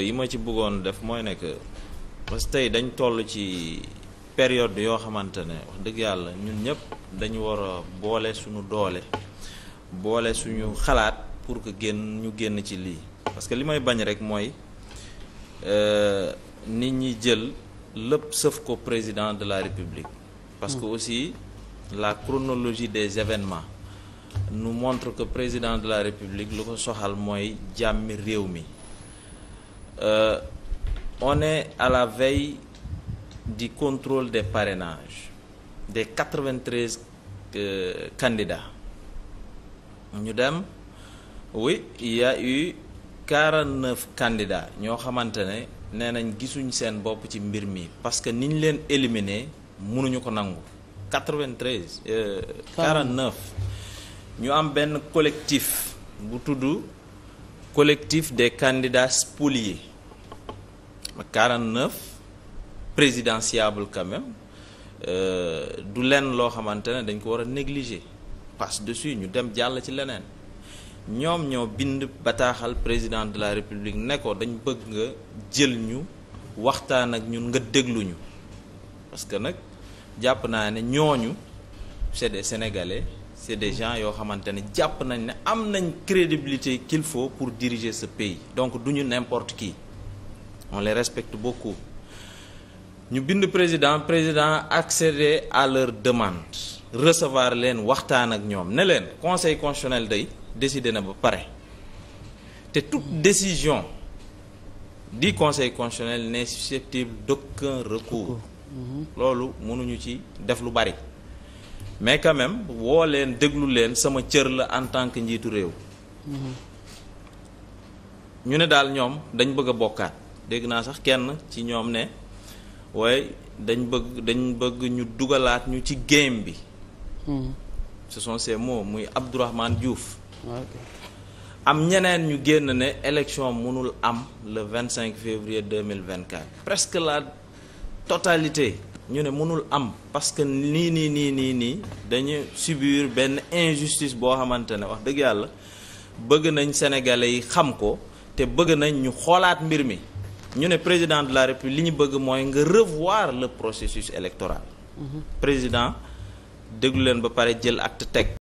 yi ma ci bëggoon def mooy nekk parce que tey dañ toll ci période yoo xamante ne wax dëgg yàlla ñun ñëpp dañu war a boole suñu doole boole suñu xalaat pour que génn ñu génn ci lii parce que li may bañ rek mooy euh, nit ñi jël lëpp sëf ko président de la république parce que mm. aussi la chronologie des événements nu montre que président de la république lu ko soxal mooy jàmmi réew mi euh, on à la veille di contrôle des parrainages des 93 euh, candidats. ñu dem oui il y a eu 49 ñoo xamante ne nee nañ gisuñ seen bopp ci mbir mi parce que ni leen éliminer mënuñu ko nangu 93. Euh, 49 ñu am benn collectif bu tudd collectif des candidats spoliés. 49 présidentiable quand même euh, du lenn loo xamante ne dañ ko war a négliger de dessus ñu dem jàll ci leneen ñoom ñoo bind bataaxal président de la république ne ko dañ bëgg nga jël ñu waxtaan ak ñun nga déglu ñu parce que nag jàpp naa ne ñooñu c'est des sénégalais c'est des gens yoo xamante ne jàpp nañ ne am nañ crédibilité qu'il pour diriger sa pays donc duñu n'importe qui on les respecte beaucoup ñu bind président président accéder à leur demande recevoir leen waxtaan ak ñoom ne leen conseil constitutionnel day décider na ba pare te toute décision di conseil ne n'est susceptible d'aucun recours loolu mënuñu ci def lu bari mais quand même woo leen déglu leen sama cër la en tant que njiitu réew mhm. ñu ne daal ñoom dañ bëgg a bokkaat dégg naa sax kenn ci ñoom ne waaye dañ bëgg dañ bëgg ñu dugalaat ñu ci game bi. Hmm. ce sont ces mots muy Abdourahmane Diouf. am ñeneen ñu génn ne élection mënul am le vingt cinq février deux mille vingt quatre presque la totalité. ñu ne mënul am parce que nii nii nii nii nii dañu subir benn injustice boo xamante ne wax dëgg yàlla bëgg nañ sénégalais yi xam ko te bëgg nañ ñu xoolaat mbir mi. ñu ne président de la république li ñu bëgg mooy nga revoir le processus électoral. Mhm. président déglu leen ba pare jël acte teg.